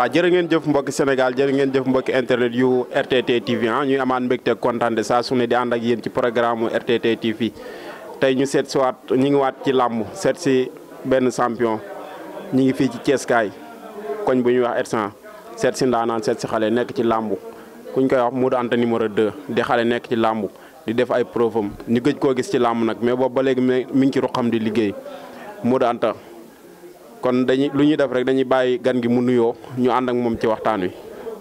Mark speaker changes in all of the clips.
Speaker 1: waaw jërë ngeen jëf mbokki Sénégal jërë ngeen jëf mbokki internet yu RTT TV ah ñuy amaan mbégte kontaan de saa su di ànd ak yéen ci programme RTT TV tey ñu seet waat ñu ngi waat ci làmb seet si benn champion ñi ngi fii ci Thiès kaay koñ bu ñuy wax Ersan seet si ndaanaan seet si xale nekk ci làmbu kuñ koy wax Modou Anta numéro 2 di xale nekk ci làmbu di def ay profam ñu gëj koo gis ci làmb nag mais boobu ba léegi mi ngi ci ruqam di liggéey Modou kon dañuy lu ñuy def rek dañuy bàyyi gan gi mu nuyoo ñu ànd ak moom ci waxtaan wi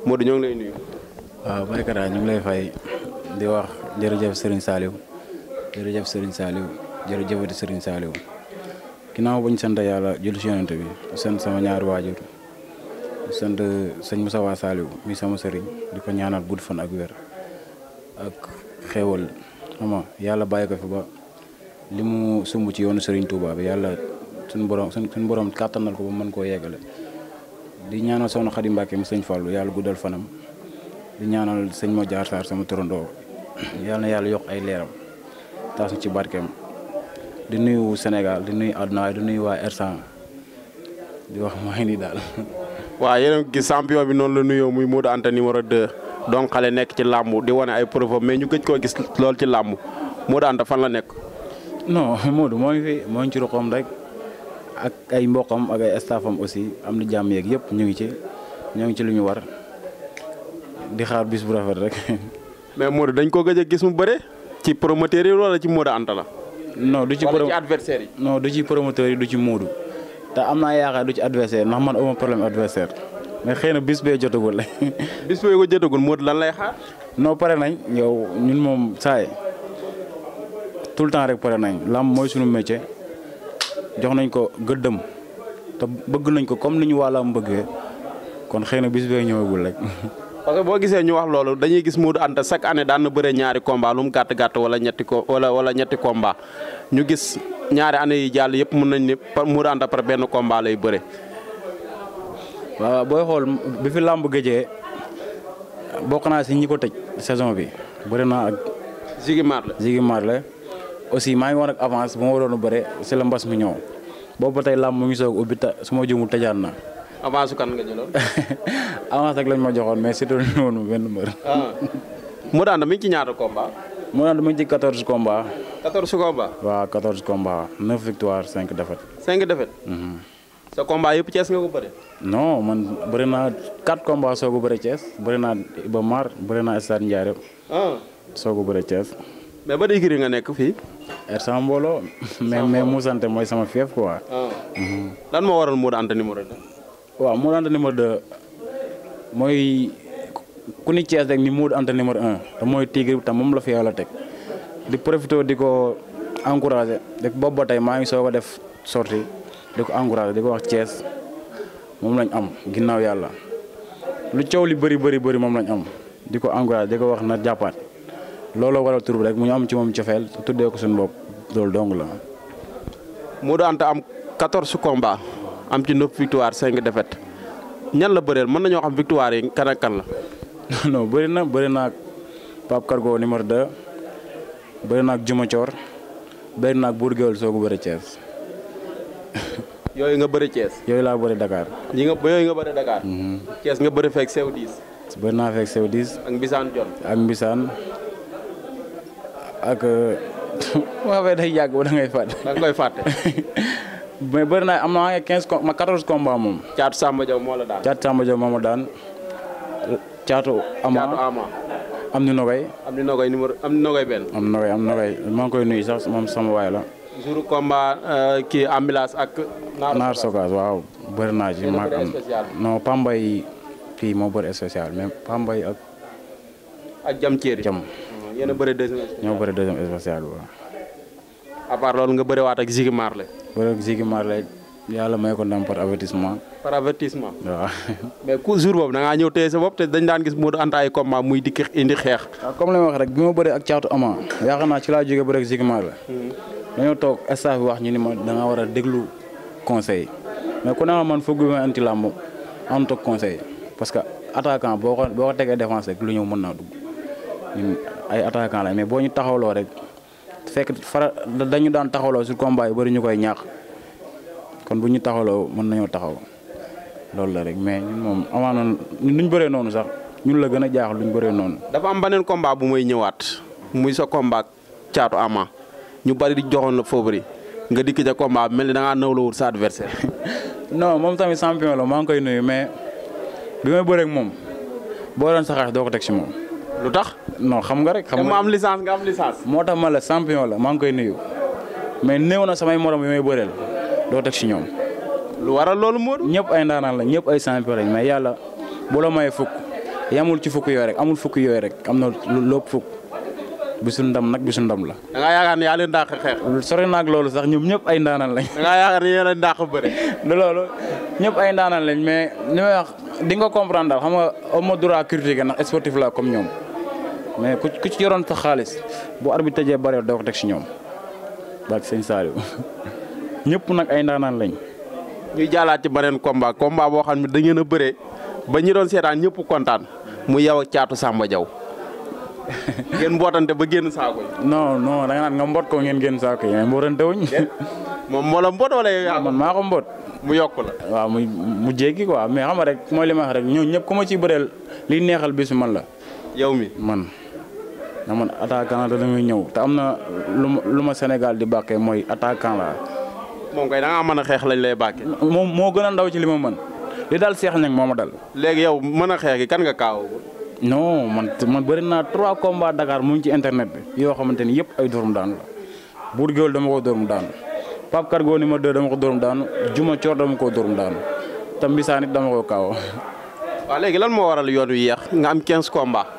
Speaker 1: Modou ñoo ngi lay nuyu. waaw Baykara ñu ngi lay fay di wax
Speaker 2: jërëjëf Serigne Saliou jërëjëf Serigne Saliou jërëjëfati Serigne Saliou. ginnaaw bañ sant yàlla julli si yonent bi sant sama ñaari waajur sant sëñ Moussa Wa Saliou mi sama sëriñ di ko ñaanal gudd fan ak wér ak xéewal xam yàlla bàyyi ko fi ba li mu sumb ci yoonu sëriñ Touba bi yàlla suñu borom suñu borom kàttanal ko ba mën koo yeggale di ñaanal soxna Xadi Mbàkke mu sëñ Fallou yàlla guddal fanam di ñaanal sëñ Madiar Sarr sama turandoo yàlla yàlla yokk ay leeram taas ci barkeem. di nuyu Sénégal di nuyu àdduna di nuyu waa r di wax maa nii daal.
Speaker 1: waaw yéen gis champion bi noonu la nuyoo muy Modou Anta numéro 2 donc xale nekk ci làmb di wane ay preuve mais ñu gëj koo gis lool ci làmb Modou Anta fan la nekk.
Speaker 2: non Modou moo rek ak ay mboqam ak ay aussi am na jàmm yeeg yëpp ñu ngi ci ñoo ngi ci lu ñu war di xaar bis bu rafet rek.
Speaker 1: mais Modou dañ ko gëj a gis mu bëre ci promoteur yi wala ci Modou Anta la. non du ci wala du ci promoteur yi du ci Moodu
Speaker 2: te am na yaakaar du ci adversaire ndax man amoo problème adversaire mais xëy na bis bee jotagul. bis bee ko jotagul Moodu lan lay xaar. non pare nañ yow ñun moom saay tout le temps rek pare nañ lamb mooy suñu métier jox nañ ko gëddëm te bëgg nañ ko comme ni ñu waa lamb bëggee kon xëy na bis bee ñëwagul rek.
Speaker 1: parce boo gisee ñu wax loolu dañuy gis Modou Anta chaque année daan na bëre ñaari combat lu mu gàtt gàtt wala ñetti ko wala wala ñetti combat ñu gis ñaari année yi jàll yëpp mën nañ ne par Modou Anta par benn combat lay bëre. waaw
Speaker 2: booy xool bi fi làmb géejee bokk naa si ñi ko tëj saison bi bëri naa ak. Ziggy Marley Ziggy Marley aussi maa ngi war ak avance bu ma waroon a bëre si la mbas mi ñëw boobu ba tey làmb mu ngi soog ubbi ta su ma jëmu na.
Speaker 1: avance kan nga jëloon.
Speaker 2: avance rek lañ ma joxoon mais surtout ñu woon benn mbër.
Speaker 1: Ah. Modou Anta mi ngi ci ñaata combat. Modou Anta mi ngi ci 14 combat. waa combat.
Speaker 2: waaw 14 combat 9 victoire 5 défaite.
Speaker 1: sa combat yëpp Thiès nga
Speaker 2: ko man bëri naa 4 combat soo ko bëri Thiès bëri naa Iba Mar bëri naa Stade Ndiarème. Ah. soo ko bëri Thiès. mais ba digri nga nekk fii. er sama mbooloo. mais mais mu sant mooy sama fief quoi.
Speaker 1: Ah. Mhm. lan moo waral Modou Anta numéro 2.
Speaker 2: waaw Modou Anta numéro 2 mooy ku rek ni Modou Anta numéro 1 mooy Tigre bi tam moom la fi yàlla teg di profité di ko encouragé rek boobu ba tey maa ngi soog a def sorti di ko encouragé di ko wax cees moom lañ am ginnaaw yàlla lu coow li bëri bëri bëri moom lañ am di ko encouragé di ko wax na jàppaat looloo waral tur rek mu ñu am ci moom cofeel tuddee ko suñu bopp loolu dong la.
Speaker 1: Modou Anta am 14 am ci neuf victoire cinq défaites ñan la bëreel mën nañoo xam victoire yi kan ak la.
Speaker 2: non na bëri na ak Pape Cargo na ak Juma Thior bëri na ak Bour Gueweul soo
Speaker 1: yooyu nga bëri Thiès.
Speaker 2: yooyu laa bëri Dakar. yi nga bëree nga bëri Dakar. Mhm.
Speaker 1: Thiès nga bëri fekk sew diis.
Speaker 2: bëri naa fekk sew diis.
Speaker 1: ak Mbisaan Jon
Speaker 2: ak Mbisaan ak. Euh, waaw fay day yàgg ba da ngay fàtte. koy fàtte. mais bëri naa am naa 15 com ma moom. daan.
Speaker 1: Caatu am na nogay. am na nogay am na nogay benn.
Speaker 2: am koy nuyu sax moom sama waay la.
Speaker 1: jour combat euh, kii ambulance ak. Naar Sogas
Speaker 2: waaw bëri naa ci Pambay kii moo bëri spécial mais Pambay ak.
Speaker 1: Jam Thierry Jam. yéen deuxième spécial ñoo
Speaker 2: bëreeg Ziggy Marley a may ko ndam par avertissement.
Speaker 1: par avertissement.
Speaker 2: waaw.
Speaker 1: mais ku jour boobu da ñëw téye sa bopp te dañ daan gis Modou Anta ay combat muy dikki indi xeex.
Speaker 2: waaw comme li ma wax rek bi ma bëree ak caatu ama yaakaar ci laa jógee bëreeg Ziggy Marley. Hmm. dañoo toog staff bi wax ñu ni ma da ngaa war a déglu conseil mais ku ne man foog ma anti làmb am toog conseil que attaquant boo ko boo ko tegee défense lu ñëw mën naa dugg ñun ay attaquant mais boo ñu taxawloo rek. fekk fara dañu daan taxawloo su combat yu bëri ñu koy ñaax kon bu ñu taxawloo mën nañoo taxaw loolu la rek mais ñun moom amaanoon nuñ bëree noonu sax ñun la gën a jaaxal luñ bëree noonu.
Speaker 1: dafa am beneen combat bu mooy ñëwaat muy sa combat caatu ama ñu bari di joxoon la favori nga dikk ca combat bi mel ni da ngaa nawloo wut sa adversaire.
Speaker 2: non moom tamit champion la maa ngi koy nuyu mais bi may bëree moom boo doon sa xaalis doo ko teg si moom. lu tax. no xam nga rek. xam nga am licence nga am licence. moo tax mala sampion la maa ngi koy nuyu mais néew na samay morom yi may bëreel doo teg si ñoom. lu waral loolu Modou. ñëpp ay ndaanaan la ñëpp ay champion lañ mais yàlla bu la may fukk yamul ci fukk yooyu rek amul fukk yooyu rek am na lu lépp fukk bisu ndam nag bisu ndam la. da ngaa yaakaar ne yaa loolu sax ñoom ñëpp ay ndaanaan lañ. da ngaa yaakaar a dàq ñëpp ay ndaanaan lañ mais di nga comprendre daal xam nga amoo droit critiquer ndax sportif la comme ñoom. mais ku ku ci yoroon sa xaalis bu arbitre tëjee bareel doo ko teg si ñoom baag sëñ Saliou ñëpp
Speaker 1: nag ay ndaanaan lañ. ñuy jaalaat ci beneen combat combat boo xam ne da ngeen a bëree ba ñi doon seetaan ñëpp kontaan mu yow ak caatu Samba Diaw ngeen mbootante ba génn saako yi.
Speaker 2: no non nga naan nga mboot ko ngeen génn saako yi mais mbootante wuñ. moom la mboot wala yow man maa ko mboot. mu yokk la waaw mu mu jéggi quoi mais xam a rek mooy li ma rek ñoo ñëpp ku ma ci bëreel liy neexal bisu man la. yow mi man. na man attaquant la damay ñëw te am na lu ma Sénégal di bàqee mooy attaquant la moom
Speaker 1: kay da ngaa mën a xeex lañ lay bàqee. moom moo gën a ndaw ci li ma mën li daal seex nag moo ma dal. léegi yow mën a xeex gi kan nga kaaw.
Speaker 2: non man man bëri naa trois combats Dakar mu ci internet bi yoo xamante ni yëpp ay dóorum daanu la buur géwél dama ko dóorum daanu Pape Cargo ma 2 dama ko dóorum daanu Juma Coor dama ko dóorum daanu tam bisaanit dama ko kaaw.
Speaker 1: waaw léegi lan moo waral yoon wi yéex nga am 15 combats.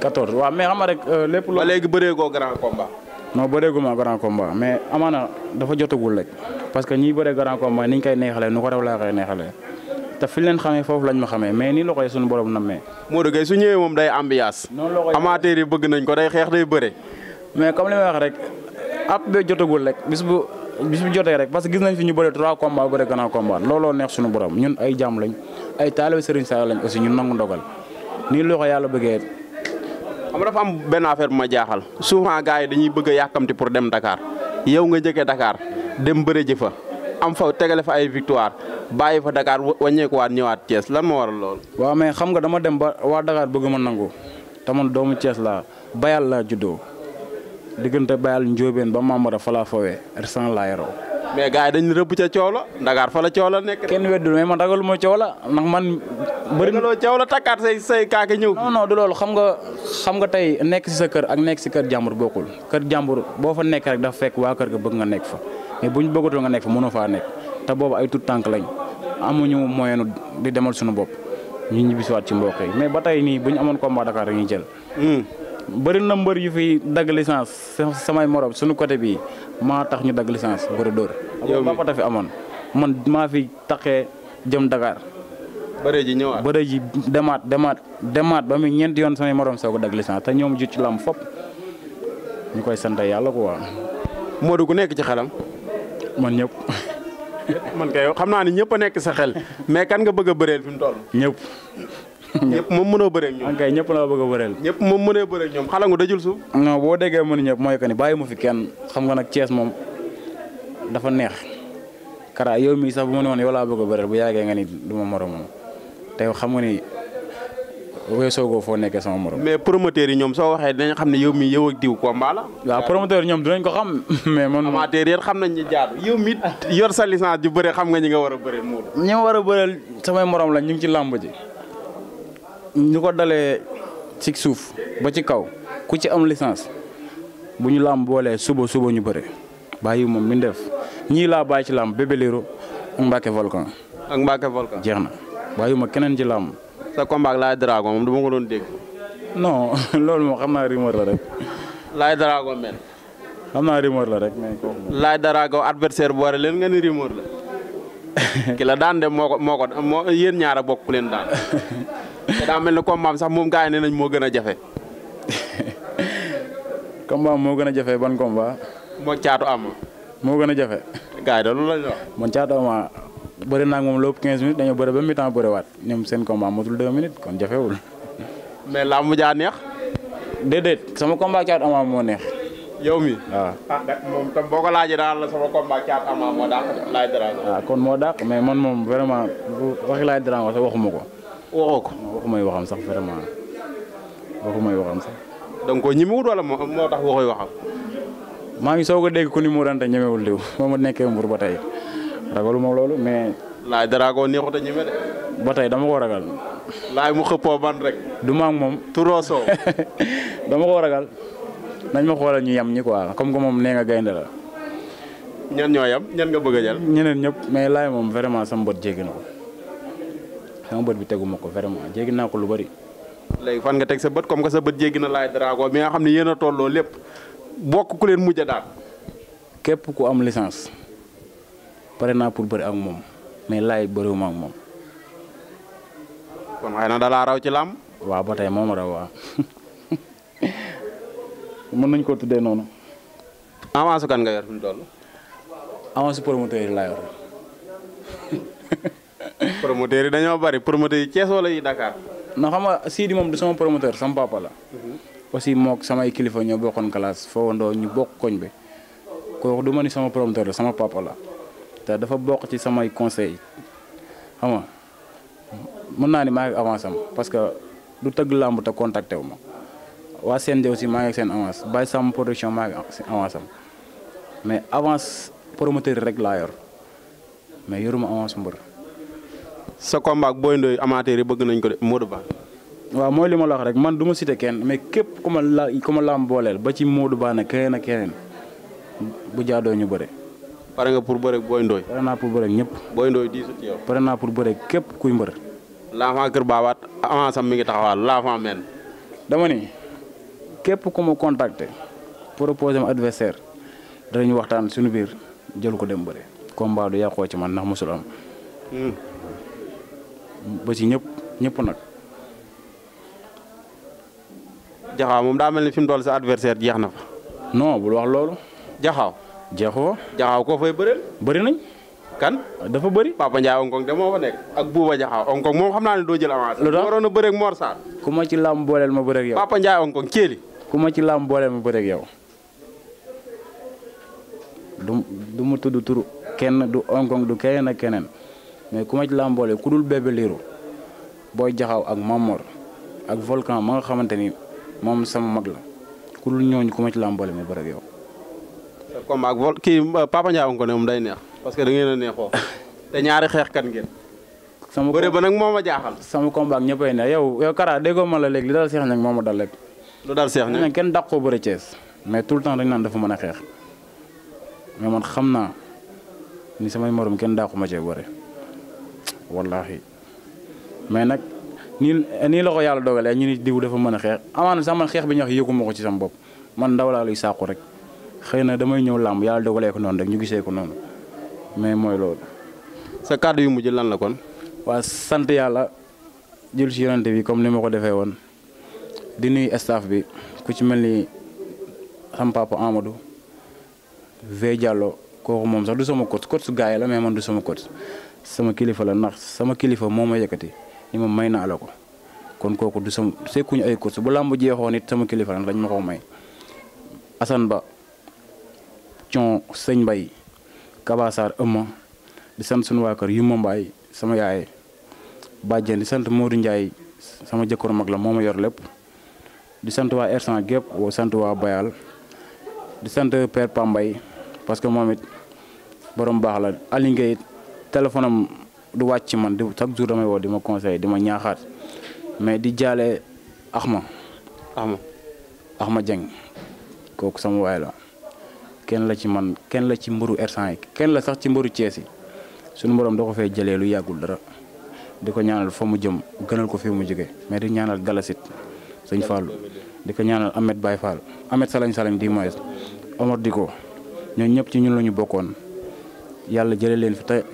Speaker 1: 14 waaw mais xam nga rek euh, lépp. loo ba léegi bëreegoo grand combat.
Speaker 2: non bëreeguma grand combat mais amaana dafa jotagul rek parce que ñii bëree grand combat niñ koy neexalee nu ko raw laa koy neexalee te fi leen xamee lañ ma xamee mais nii loxo
Speaker 1: yi suñu borom nammee. Modou Gueye su ñëwee moom day ambiance. noonu loxo yi amateur comme rek ab bi rek bis bu bis jotee rek parce que gis nañ
Speaker 2: fi ñu bëre trois combats bëre grand combat looloo neex suñu borom ñun ay jàmm lañ ay taalibe Serigne Sall lañ aussi
Speaker 1: ñun nangu ndogal nii loxo yàlla bëggee xam dafa am benn affaire bu ma jaaxal souvent gars yi dañuy bëgg a yàkkamti pour dem dakaar yow nga jege dakaar dem bëre fa am fa tegale fa ay victoire bàyyi fa dakaar Dakar wàññeekuwaat ñëwaat Thiès lan moo waral lool waaw
Speaker 2: mais xam nga dama dem ba waa Dakar bëgg ma nangu te doomu Thiès laa bayal laa juddoo diggante bayal njóobeen ba Mamara fa laa fawee restant laa mais gars yi dañu rëbb ca coow la Dakar fa la coow la nekk. kenn weddul mais man ragaluma coow la ndax man. bëri na loo coow la takkaat say say kaake ñëw. non du loolu xam nga xam nga tey nekk si sa kër ak nekk si kër jàmbur bokkul kër jàmbur boo fa nekk rek dafa fekk waa kër ga bëgg nga nekk fa mais ñu bëggatoo nga nekk fa mënoo faa nekk te boobu ay tout tànk lañ amuñu moyen di demal sunu bopp ñu ñibbisiwaat ci mbokk yi mais ba tey nii bu ñu amoon combat Dakar dañuy jël. Hmm. bëri na mbër yu fi dagg licence samay morom suñu côté bii maa tax ñu dagg licence bëri a yow mii ba fi amoon man maa fi taqee jëm Dakar.
Speaker 1: bëree ji ñëwaat bëree ji
Speaker 2: demaat demaat demaat ba muy ñeenti yoon samay morom soo ko dagg licence te ñoom ju ci lam fop
Speaker 1: ñu koy sant yàlla quoi. Modou ku nekk ci xelam. man ñëpp. man kay xam naa ne ñëpp nekk sa xel mais kan nga bëgg a bëreel fi mu ñëpp. ñëpp moom mënoo bëreeg ñoom kay ñëpp la bëgg a bëreel ñëpp moom mënee bëreeg ñoom xalangu dajul suuf
Speaker 2: non boo déggee mënu ñëpp mooy que ni bàyyi ma fi kenn xam nga nag Thiès moom dafa neex Kara yow mii sax bu ma ne woon yow laa bëgg a bëreel bu yàggee nga ni du ma moromoon te xam nga ni weesoo goo foo nekkee sama morom
Speaker 1: mais promoteurs yi ñoom soo waxee dinañ xam ne yow mii yow ak diw combat la waaw promoteurs yi ñoom dinañ ko xam mais man amateur yi xam nañ ñi jaadu yow mi yor sa licence ju bëre xam nga ñi nga war a bëreel Modou ñi war a bëreel samay morom la ñu ngi ci làmb ji
Speaker 2: ñu ko dalee ci suuf ba ci kaw ku ci am licence bu ñu làmb boole suba suba ñu bëre bàyyi moom mi def ñii laa bàyyi ci làmb Bébé Lirou ak Mbacké Volcan.
Speaker 1: ak Mbacké Volcan
Speaker 2: jeex na bàyyi ma keneen ci làmb.
Speaker 1: sa combat ak Laye moom du ma ko doon dégg.
Speaker 2: non loolu moom xam naa rumeur la rek.
Speaker 1: Laye Dragon mel.
Speaker 2: xam naa rumeur la rek mais kooku.
Speaker 1: Laye Dragon bu waree leen nga ni la. ki la daan de moo ko moo yéen ñaar a bokk leen daan. daa mel ne combat sax moom gars yi nee moo gën a jafe.
Speaker 2: combat moo gën a jafe ban combat.
Speaker 1: moo caatu am. moo gën a jafe. gars yi da loolu lañ wax.
Speaker 2: man caatu am ah, bëri naa moom lépp 15 minutes dañoo bëri ba mi temps bëriwaat ñoom seen combat motul 2 minutes kon jafewul.
Speaker 1: mais làmb jaa neex. déedéet sama combat caatu am moo
Speaker 2: neex. yow mi waaw ah.
Speaker 1: ah, moom tam boo ko laajee daal
Speaker 2: kon moo dàq mais man moom vraiment waxi laay dara sax waxuma ko. waxoo ko. waxu may waxam sax vraiment waxu may waxam sax.
Speaker 1: donc ko ñemewut wala moo moo
Speaker 2: tax waxooy waxam. maa ngi soog a dégg ku ni mu daan te ñemewul diw moo ma nekkee mbur ba tey ragalu ma loolu mais.
Speaker 1: laay dara koo neexut a ñeme de.
Speaker 2: ba tey dama ko ragal.
Speaker 1: laay mu xëppoo ban rek. du ma moom. turoo soo dama ko ragal.
Speaker 2: nañ ma xoolal ñu yem ñi quoi comme que moom nee nga gaynde la.
Speaker 1: ñan ñoo yem nga bëgg a jël.
Speaker 2: ñeneen ñëpp mais laay moom vraiment sam bët jege na sama bët bi teguma ko vraiment jéggi naa ko lu bari
Speaker 1: léegi fan nga teg sa bët comme que sa bët jéggi na Laye Drago bi nga xam ne yéen tolloo lépp bokk ku leen mujj a daal.
Speaker 2: képp ku am licence pare naa pour bëri ak moom mais Laye bëriwuma ak moom.
Speaker 1: kon na da raw ci làmb.
Speaker 2: waaw ba tey moom raw nañ ko tuddee noonu.
Speaker 1: avance kan nga yor fi mu toll. avance promoteur yi laa yor. promoteur yi dañoo bari promoteur yi Thiès wala yi Dakar.
Speaker 2: non xam sii Sidi moom du sama promoteur sama papala la. Mhm. aussi mook samay kilifa ñoo bokkoon foo fowandoo ñu bokk koñ bi kooku du ma ni sama promoteur la te dafa bokk ci samay conseil xam nga mën naa ni maa ngi avance am parce que du tëgg làmb te contacté wu ma waa CNG aussi maa ngi seen avance bàyyi sama production maa ngi avance mais avance promoteur rek laa yor
Speaker 1: mais yoruma avance mbër. sa combat ak Boy Ndoye yi bëgg nañ ko de Modou Ba.
Speaker 2: waaw mooy li ma la wax rek man du ma cité kenn mais képp ku ma la ku ma laam booleel ba ci Modou Ba nag keneen ak keneen bu jaadoo ñu bëre.
Speaker 1: pare nga pour bëre booy Ndoye. pare
Speaker 2: naa pour bëre ñëpp.
Speaker 1: Boy Ndoye diisut yow.
Speaker 2: pare pour bëre képp kuy mbër.
Speaker 1: l'enfant Kër Baabaat avant sam mi ngi taxawaal l'enfant men
Speaker 2: dama ni képp ku ma contacter proposer ma adversaire danañu waxtaan suñu biir jël ko dem bëre. combat du yàqoo ci man ndax mosul am. Hmm. ba ci ñëpp ñëpp nag.
Speaker 1: jaxaaw moom daa mel ni fi mu toll sa adversaire jeex na fa. non bul wax loolu. jaxaaw jeexu fa. jaxaaw koo fay bëreel. bëri nañ. kan dafa bëri. Papa Ndiaye Hong Kong de moo xam naa ne doo jël avance. waroon a bëreeg Mor Sarr. ku ma ci làmb
Speaker 2: booleel ma bëreeg yow.
Speaker 1: Papa Ndiaye Hong Kong Thièli.
Speaker 2: ku ma ci làmb booleel ma bëreeg yow. du du turu kenn du Hong du keneen ak keneen. mais ku ma ci lamboole ku dul Bébé Lirou Boy Jaxaw ak Mamor ak Volcan ma nga xamante ni moom sama mag la ku dul ñooñu ku ma ci làmboole mais bëri ak yow.
Speaker 1: comme ak vol kii euh, Papa Ndiaye ko ne moom day neex parce que da ngeen a neexoo te ñaari xeexkat ngeen. sama bëre nag moo ma jaaxal. sama combat ak ñëppay
Speaker 2: ne yow yow Kara déggoo ma la léegi li dal seex nag moo ma dal léegi.
Speaker 1: lu dal seex nag
Speaker 2: kenn koo bëre Thiès mais tout le temps dañu naan dafa mën a xeex mais man xam na ni samay morom kenn dàqu ma cee wallaahi mais nag nii nii loxo ko yàlla dogalee ñu ni diw dafa mën a xeex amaana sax man xeex bi ñu wax yëguma ko ci sama bopp man ndaw rek xëy na damay ñëw làmb yàlla dogalee ko noonu rek ñu gisee noonu mais mooy loolu. sa kàddu yu mujj lan la kon. waa sant yàlla jël si yonante bi comme ni ma ko defee woon di nuyu staff bi ku ci mel ni sama papa Amadou V Diallo kooku moom sax du sama coach coach su la mais man du sama coach. sama kilifa la ndax sama kilifa moo ma yëkkati ni ma may naa la ko kon kooku du sama sekkuñu ay course bu làmb jeexoon it sama kilifa la dañ ma ko may Assane Ba Thion Sëñ Mbay Kabasaar ëmma di sant suñu waa kër yu ma sama yaay bàjjen di sant Modou Ndiaye sama jëkkër mag la moo ma yor lépp di sant waa Ersan gépp woo sant waa Bayal di sant Père Pambay parce que moom it borom baax la Aliou Ngéye téléphone am du wàcc ci man di chaque jour damay woo di ma conseillé di ma ñaaxaat mais di jaale Axma Axma Axma Dieng kooku sama waay la kenn la ci man kenn la ci mbëru ersan yi kenn la sax ci mbaru Cees yi suñu borom da ko fay jëlee lu yàggul dara di ko ñaanal fa mu jëm gënal ko fi mu jóge mais di ñaanal Galasit suñ Fallou di ko ñaanal Ahmed Baye Fall Ahmed Salañ Salañ di moyes Omar Diko ñooñu ñëpp ci ñun lañu bokkoon yàlla jëlee fi te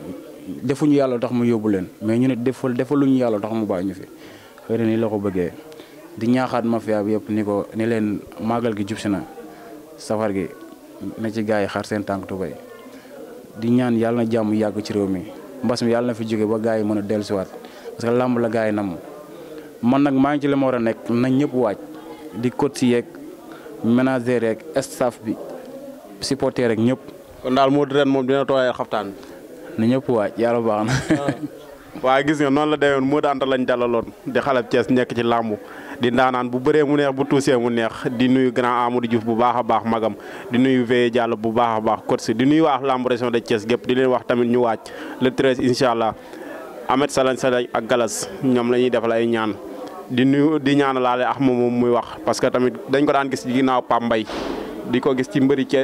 Speaker 2: defuñu yàlla tax mu yóbbu leen mais ñu ne defal defaluñu yàlla tax mu bàyyi ñu fi xëy na ni la ko bëggee di ñaaxaat mafia bi yëpp ni ko ni leen màggal gi jub si na safar gi na ci gars yi xar seen tànk tubay di ñaan yàlla na jàmm yàgg ci réew mi mbas mi yàlla na fi jóge ba gars yi mën a dellusiwaat parce que làmb la gars yi namm man nag maa ngi ci li war a nekk na ñëpp waaj di coach si yeeg manager staff bi supporter rek ñëpp. kon daal
Speaker 1: moo di ren moom dina tooyal xaftaan nu ñëpp waaj yàlla baax na. waa gis nga noonu la demee woon Modou Anta lañ dalaloon di xalab Thiès nekk ci làmbu di ndaanaan bu bëree mu neex bu tuusee mu neex di nuyu grand Amadou Diouf bu baax a baax magam di nuyu Veye Diallo bu baax a baax Côte di nuyu waa làmbu région de Thiès gépp di leen wax tamit ñu waaj le treize incha allah Ahmed Salañ Salañ ak Galas ñoom la ñuy defal ay ñaan di nuyu di ñaanalaale ax moom muy wax parce que tamit dañ ko daan gis ginnaaw Pambay di ko gis ci mbëri ci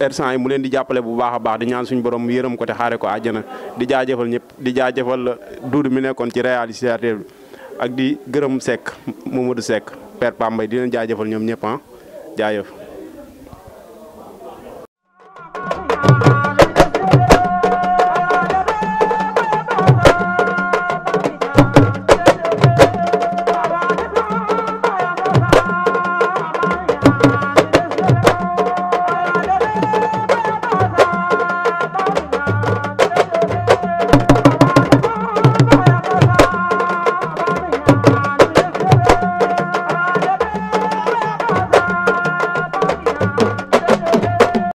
Speaker 1: ersan eh, eh, yi mu leen di jàppale bu baax a baax di ñaan suñu borom mu yërëm ko te xaare ko àjjana di jaajafal ñëpp di jaajafal duudu mi nekkoon ci réalisateur bi ak di gërëm sekk mu Seck Momadou sekk Père Pambay di leen jaajëfal ñoom ñëpp ah jaajëf